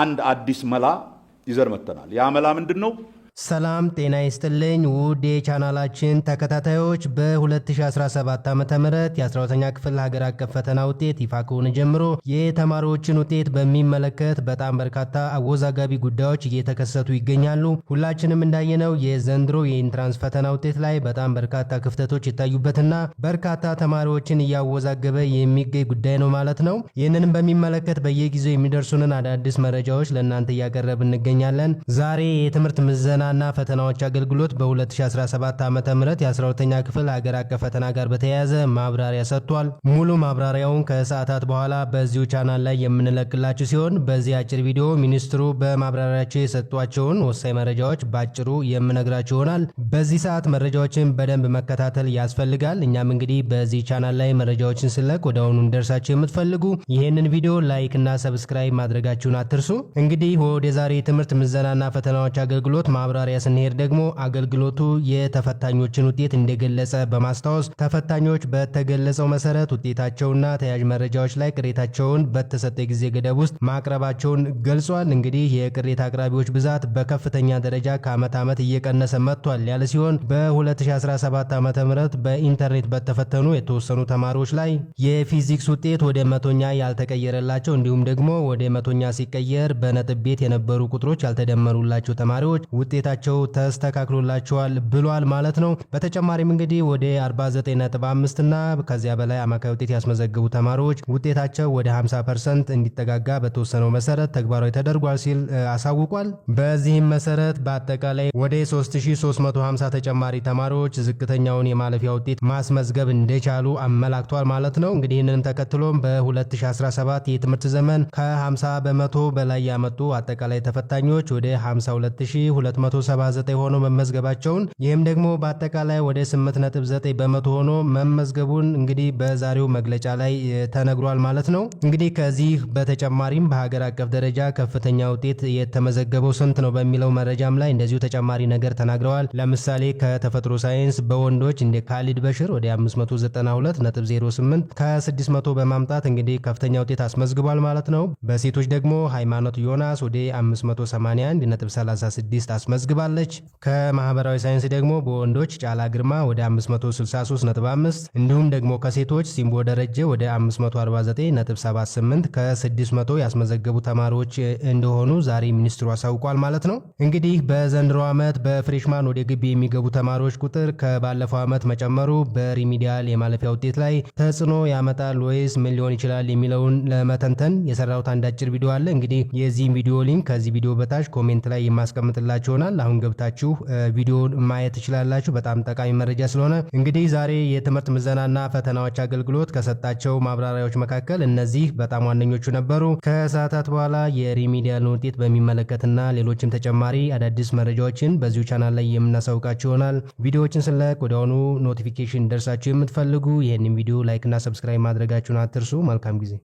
አንድ አዲስ መላ ይዘር መተናል። ያ መላ ምንድን ነው? ሰላም ጤና ይስጥልኝ ውድ የቻናላችን ተከታታዮች በ2017 ዓ ም የ12ኛ ክፍል ሀገር አቀፍ ፈተና ውጤት ይፋ ከሆነ ጀምሮ የተማሪዎችን ውጤት በሚመለከት በጣም በርካታ አወዛጋቢ ጉዳዮች እየተከሰቱ ይገኛሉ። ሁላችንም እንዳየነው የዘንድሮ የኢንትራንስ ፈተና ውጤት ላይ በጣም በርካታ ክፍተቶች ይታዩበትና በርካታ ተማሪዎችን እያወዛገበ የሚገኝ ጉዳይ ነው ማለት ነው። ይህንንም በሚመለከት በየጊዜው የሚደርሱንን አዳዲስ መረጃዎች ለእናንተ እያቀረብ እንገኛለን። ዛሬ የትምህርት ምዘና ፈተናና ፈተናዎች አገልግሎት በ2017 ዓ ም የ12ኛ ክፍል ሀገር አቀፍ ፈተና ጋር በተያያዘ ማብራሪያ ሰጥቷል። ሙሉ ማብራሪያውን ከሰዓታት በኋላ በዚሁ ቻናል ላይ የምንለቅላችሁ ሲሆን በዚህ አጭር ቪዲዮ ሚኒስትሩ በማብራሪያቸው የሰጧቸውን ወሳኝ መረጃዎች ባጭሩ የምነግራችሁ ይሆናል። በዚህ ሰዓት መረጃዎችን በደንብ መከታተል ያስፈልጋል። እኛም እንግዲህ በዚህ ቻናል ላይ መረጃዎችን ስለቅ ወደ አሁኑ የምትፈልጉ ይህንን ቪዲዮ ላይክ እና ሰብስክራይብ ማድረጋችሁን አትርሱ። እንግዲህ ወደ ዛሬ ትምህርት ምዘናና ፈተናዎች አገልግሎት ማብራሪያ ስንሄድ ደግሞ አገልግሎቱ የተፈታኞችን ውጤት እንደገለጸ በማስታወስ ተፈታኞች በተገለጸው መሰረት ውጤታቸውና ተያዥ መረጃዎች ላይ ቅሬታቸውን በተሰጠ ጊዜ ገደብ ውስጥ ማቅረባቸውን ገልጿል። እንግዲህ የቅሬታ አቅራቢዎች ብዛት በከፍተኛ ደረጃ ከዓመት ዓመት እየቀነሰ መጥቷል ያለ ሲሆን በ2017 ዓ ም በኢንተርኔት በተፈተኑ የተወሰኑ ተማሪዎች ላይ የፊዚክስ ውጤት ወደ መቶኛ ያልተቀየረላቸው እንዲሁም ደግሞ ወደ መቶኛ ሲቀየር በነጥብ ቤት የነበሩ ቁጥሮች ያልተደመሩላቸው ተማሪዎች ውጤት ውጤታቸው ተስተካክሎላቸዋል ብሏል ማለት ነው። በተጨማሪም እንግዲህ ወደ 49.5 እና ከዚያ በላይ አማካይ ውጤት ያስመዘግቡ ተማሪዎች ውጤታቸው ወደ 50 ፐርሰንት እንዲጠጋጋ በተወሰነው መሰረት ተግባራዊ ተደርጓል ሲል አሳውቋል። በዚህም መሰረት በአጠቃላይ ወደ 3350 ተጨማሪ ተማሪዎች ዝቅተኛውን የማለፊያ ውጤት ማስመዝገብ እንደቻሉ አመላክቷል ማለት ነው። እንግዲህ ይህንንም ተከትሎም በ2017 የትምህርት ዘመን ከ50 በመቶ በላይ ያመጡ አጠቃላይ ተፈታኞች ወደ 52200 179 ሆኖ መመዝገባቸውን ይህም ደግሞ በአጠቃላይ ወደ 8.9 በመቶ ሆኖ መመዝገቡን እንግዲህ በዛሬው መግለጫ ላይ ተነግሯል ማለት ነው። እንግዲህ ከዚህ በተጨማሪም በሀገር አቀፍ ደረጃ ከፍተኛ ውጤት የተመዘገበው ስንት ነው በሚለው መረጃም ላይ እንደዚሁ ተጨማሪ ነገር ተናግረዋል። ለምሳሌ ከተፈጥሮ ሳይንስ በወንዶች እንደ ካሊድ በሽር ወደ 592.08 ከ600 በማምጣት እንግዲህ ከፍተኛ ውጤት አስመዝግቧል ማለት ነው። በሴቶች ደግሞ ሃይማኖት ዮናስ ወደ 581.36 አስመዝ ታስመዝግባለች። ከማህበራዊ ሳይንስ ደግሞ በወንዶች ጫላ ግርማ ወደ 563.5 እንዲሁም ደግሞ ከሴቶች ሲምቦ ደረጀ ወደ 549.78 ከ600 ያስመዘገቡ ተማሪዎች እንደሆኑ ዛሬ ሚኒስትሩ አሳውቋል ማለት ነው። እንግዲህ በዘንድሮ ዓመት በፍሬሽማን ወደ ግቢ የሚገቡ ተማሪዎች ቁጥር ከባለፈው ዓመት መጨመሩ በሪሚዲያል የማለፊያ ውጤት ላይ ተጽዕኖ ያመጣል ወይስ ምን ሊሆን ይችላል የሚለውን ለመተንተን የሰራሁት አንድ አጭር ቪዲዮ አለ። እንግዲህ የዚህም ቪዲዮ ሊንክ ከዚህ ቪዲዮ በታች ኮሜንት ላይ የማስቀምጥላችሁ ይሆናል። ይመስላል። አሁን ገብታችሁ ቪዲዮን ማየት ትችላላችሁ። በጣም ጠቃሚ መረጃ ስለሆነ እንግዲህ ዛሬ የትምህርት ምዘናና ፈተናዎች አገልግሎት ከሰጣቸው ማብራሪያዎች መካከል እነዚህ በጣም ዋነኞቹ ነበሩ። ከሰዓታት በኋላ የሪሚዲያልን ውጤት በሚመለከትና ሌሎችም ተጨማሪ አዳዲስ መረጃዎችን በዚሁ ቻናል ላይ የምናሳውቃችሁ ይሆናል። ቪዲዮዎችን ስለቅ ወደሆኑ ኖቲፊኬሽን ደርሳችሁ የምትፈልጉ ይህንም ቪዲዮ ላይክና ሰብስክራይብ ማድረጋችሁን አትርሱ። መልካም ጊዜ